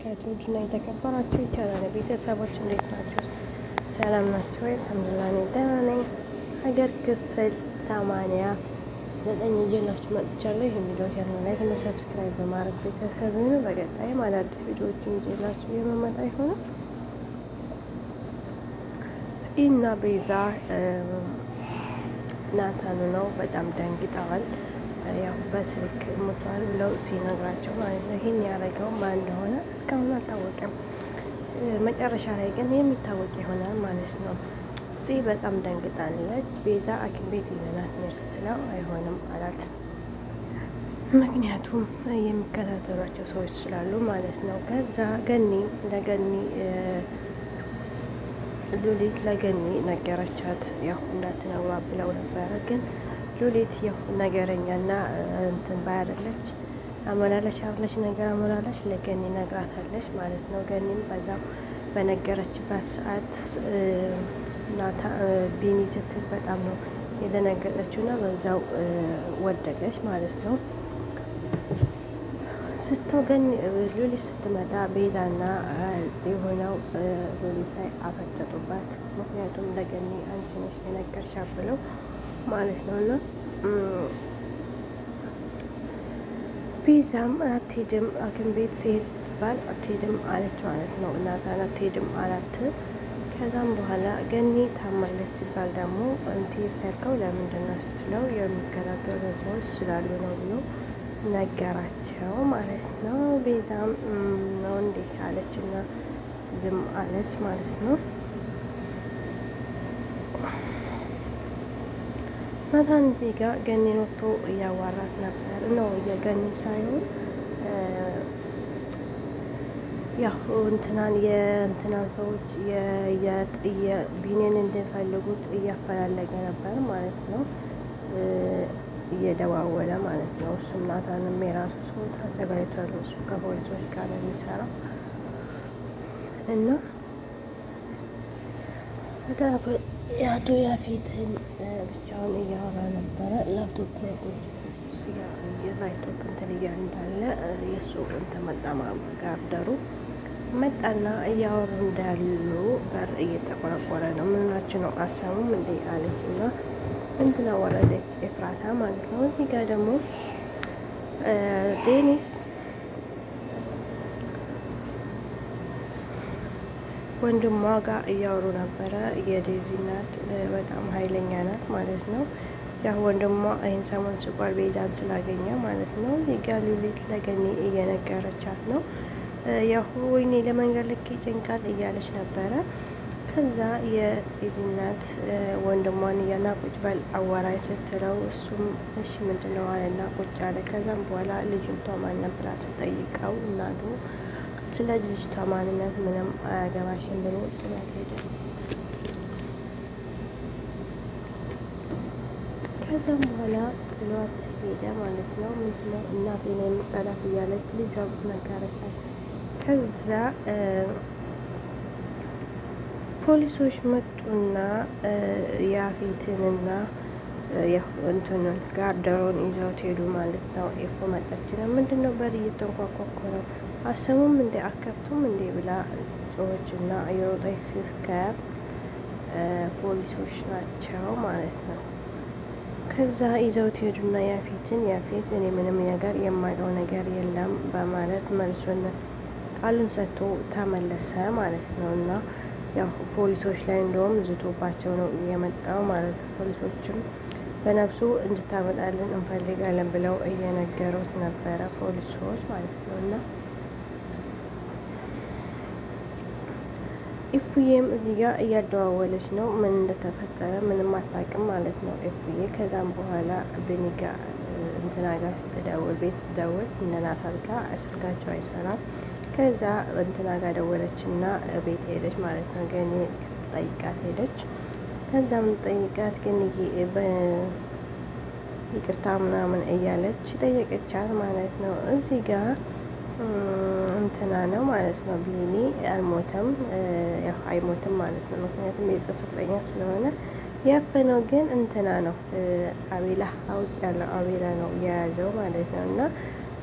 ወበረካቱሁ ውድና የተከበራችሁ ይቻላል ቤተሰቦች እንዴት ናችሁ? ሰላም ናችሁ ወይ? አልሐምዱሊላህ እኔ ደህና ነኝ። ሀገር ክፍል ሰማንያ ዘጠኝ ይዤላችሁ መጥቻለሁ። ይህን ቪዲዮ ቻናል ላይ ሁሉ ሰብስክራይብ በማድረግ ቤተሰብ ይሁኑ። በቀጣይ አዳዲስ ቪዲዮዎችን ይዤላችሁ የመመጣ ይሆናል። ፂና ቤዛ ናታኑ ነው በጣም ደንግጠዋል። ያው በስልክ ሙቷል ብለው ሲነግራቸው ማለት ነው። ይህን ያደረገው ማን እንደሆነ እስካሁን አልታወቀም። መጨረሻ ላይ ግን የሚታወቅ ይሆናል ማለት ነው። እዚህ በጣም ደንግጣለች። ቤዛ አኪም ቤት ይዘናት ነርስ ትለው አይሆንም አላት። ምክንያቱም የሚከታተሏቸው ሰዎች ስላሉ ማለት ነው። ከዛ ገኒ ለገኒ ሉሊት ለገኒ ነገረቻት። ያው እንዳትነግሯ ብለው ነበረ፣ ግን ሉሊት ያው ነገረኛና እንትን ባያደለች አመላለሽ አብለሽ ነገር አመላለሽ ለገኒ ነግራታለሽ ማለት ነው። ገኒም በዛው በነገረችበት ሰዓት ቢኒ ስትል በጣም ነው የደነገጠችው እና በዛው ወደቀች ማለት ነው። ስትወገን ሉሊት ስትመጣ ቤዛና ሆነው ሉሊት ላይ አፈጠጡባት። ምክንያቱም ለገኒ አንቺ ነሽ የነገርሻት ብለው ማለት ነው እና ቤዛም አትሄድም ሐኪም ቤት ሲሄድ ስትባል አትሄድም አለች ማለት ነው። ናታን አትሄድም አላት። ከዛም በኋላ ገኒ ታማለች ሲባል ደግሞ እንቲ የተልከው ለምንድን ነው ስትለው የሚከታተሉ ሰዎች ስላሉ ነው ብሎ ነገራቸው ማለት ነው። ቤዛም ነው እንዴ አለች እና ዝም አለች ማለት ነው። ናታን እዚህ ጋር ገኒን ወጥቶ እያዋራት ነበር ነው የገኒ ሳይሆን ያው እንትናን የእንትናን ሰዎች ቢኔን እንድንፈልጉት እያፈላለገ ነበር ማለት ነው እየደዋወለ ማለት ነው። እሱም ናታንም የራሱ ሰው ተዘጋጅቷል። እሱ ከፖሊሶች ጋር ነው የሚሰራው እና የአቶ ያፌትን ብቻውን እያወራ ነበረ። ላፕቶፕ ላይ ቁጭ የላፕቶፕ እንትን እያ እንዳለ የእሱ እንትን መጣ ጋርደሩ መጣና እያወሩ እንዳሉ በር እየተቆረቆረ ነው። ምንናችን ነው አሰሙም እንደ አለች እና እንትና ወረደች ኤፍራታ ማለት ነው። እዚህ ጋር ደግሞ ዴኒስ ወንድሟ ጋር እያወሩ ነበረ። የዴዚ እናት በጣም ኃይለኛ ናት ማለት ነው። ያው ወንድሟ ይህን ሰሞን ስቋል ቤዛን ስላገኘ ማለት ነው። የጋሉ ልጅ ለገኒ እየነገረቻት ነው። ያሁ ወይኔ ለመንገድ ልክ ጭንቃት እያለች ነበረ። ከዛ የዴዚ እናት ወንድሟን እያና ቁጭ በል አዋራኝ ስትለው እሱም እሺ ምንድን ነው አለና ቁጭ አለ። ከዛም በኋላ ልጁን ቷ ማን ነበር ስጠይቀው እናቱ ስለ ልጅቷ ማንነት ምንም አያገባሽም ብሎ ጥሏት ሄደ። ከዛም በኋላ ጥሏት ሄደ ማለት ነው። ምንድነው እናቴ ነው የምጠላት እያለች ልጇ ነገረቻት። ከዛ ፖሊሶች መጡና ያፌትንና እንትኑን ጋርደሮን ይዘውት ሄዱ ማለት ነው። ኤፎ መጣች ነው ምንድነው በር እየተንኳኳኮ ነው አሰሙም እንዴ አከብቱም እንዴ ብላ ጮኸች እና የሮጠች ስትከያት ፖሊሶች ናቸው ማለት ነው። ከዛ ይዘውት ሄዱና ያፌትን ያፌት እኔ ምንም ነገር የማውቀው ነገር የለም በማለት መልሱን ቃሉን ሰጥቶ ተመለሰ ማለት ነው እና ያው ፖሊሶች ላይ እንደውም ዝቶባቸው ነው የመጣው ማለት ነው። ፖሊሶችም በነፍሱ እንድታመጣልን እንፈልጋለን ብለው እየነገሩት ነበረ ፖሊሶች ማለት ነው እና ኢፉዬም እዚህ ጋር እያደዋወለች ነው። ምን እንደተፈጠረ ምንም አታውቅም ማለት ነው ኢፉዬ። ከዛም በኋላ ቢኒ ጋ እንትና ጋር ስትደውል ቤት ስትደውል እነ ናታል ጋር ስልካቸው አይሰራም። ከዛ እንትና ጋር ደወለች እና ቤት ሄደች ማለት ነው። ገኒ ጠይቃት ሄደች። ከዛም ጠይቃት ግን ይቅርታ ምናምን እያለች ጠየቀቻት ማለት ነው እዚህ ጋር እንትና ነው ማለት ነው። ቢኒ አልሞተም፣ አይሞትም ማለት ነው። ምክንያቱም የጽሑፍ ፍቅረኛ ስለሆነ ያፈነው ግን እንትና ነው አቤላ አውጥ ያለው አቤላ ነው የያዘው ማለት ነው። እና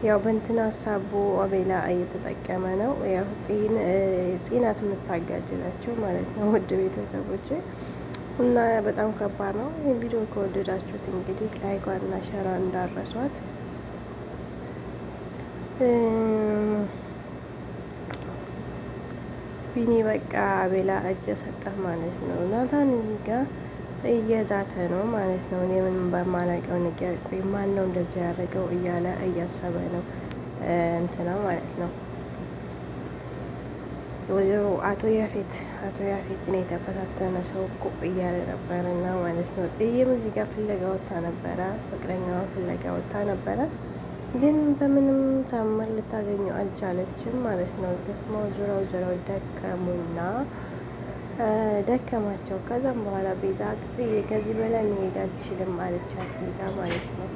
ያው በእንትና ሀሳቡ አቤላ እየተጠቀመ ነው። ያው ጽናት የምታጋጅላቸው ማለት ነው። ውድ ቤተሰቦች እና በጣም ከባድ ነው። ይህ ቪዲዮ ከወደዳችሁት እንግዲህ ላይኳና ሸራ እንዳረሷት ቢኒ በቃ አቤላ እጅ ሰጠ ማለት ነው። ናታን እዚህ ጋር እየዛተ ነው ማለት ነው። እኔ ምንም በማላውቀው ነገር ቆይ ማን ነው እንደዚህ ያደረገው እያለ እያሰበ ነው እንትና ማለት ነው። ወይዘሮ አቶ ያፌት አቶ ያፌት ነው የተፈታተነ ሰው እኮ እያለ ነበረና ማለት ነው። ጽዬም እዚህ ጋር ፍለጋ ወታ ነበረ፣ ፍቅረኛዋ ፍለጋ ወታ ነበረ። ግን በምንም ታምር ልታገኘው አልቻለችም ማለት ነው። ደክሞ ዙረው ዙረው ደከሙና ደከማቸው። ከዛም በኋላ ቤዛ ጊዜ ከዚህ በላይ መሄድ አልችልም አለቻት ቤዛ ማለት ነው።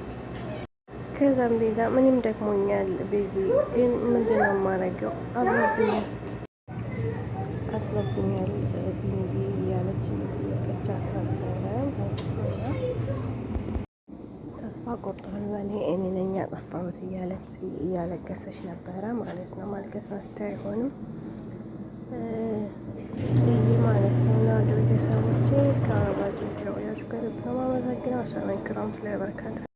ከዛም ቤዛ ምንም ደክሞኛል ቤዚ፣ ግን ምንድን ነው የማደርገው አስሎብኛል አስሎብኛል ቢኒቢ እያለች ቆርጧል በኔ እኔ ነኝ ያጠፋሁት እያለች እያለቀሰች ነበረ ማለት ነው። ማልቀስ መፍትሄ አይሆንም ጽይ ማለት ነው። እና ወደ ቤተሰቦቼ እስከ አረባጅ ተለቆያችሁ ከልብ ነው ማመሰግነው። አሰላም ክራምት ላይ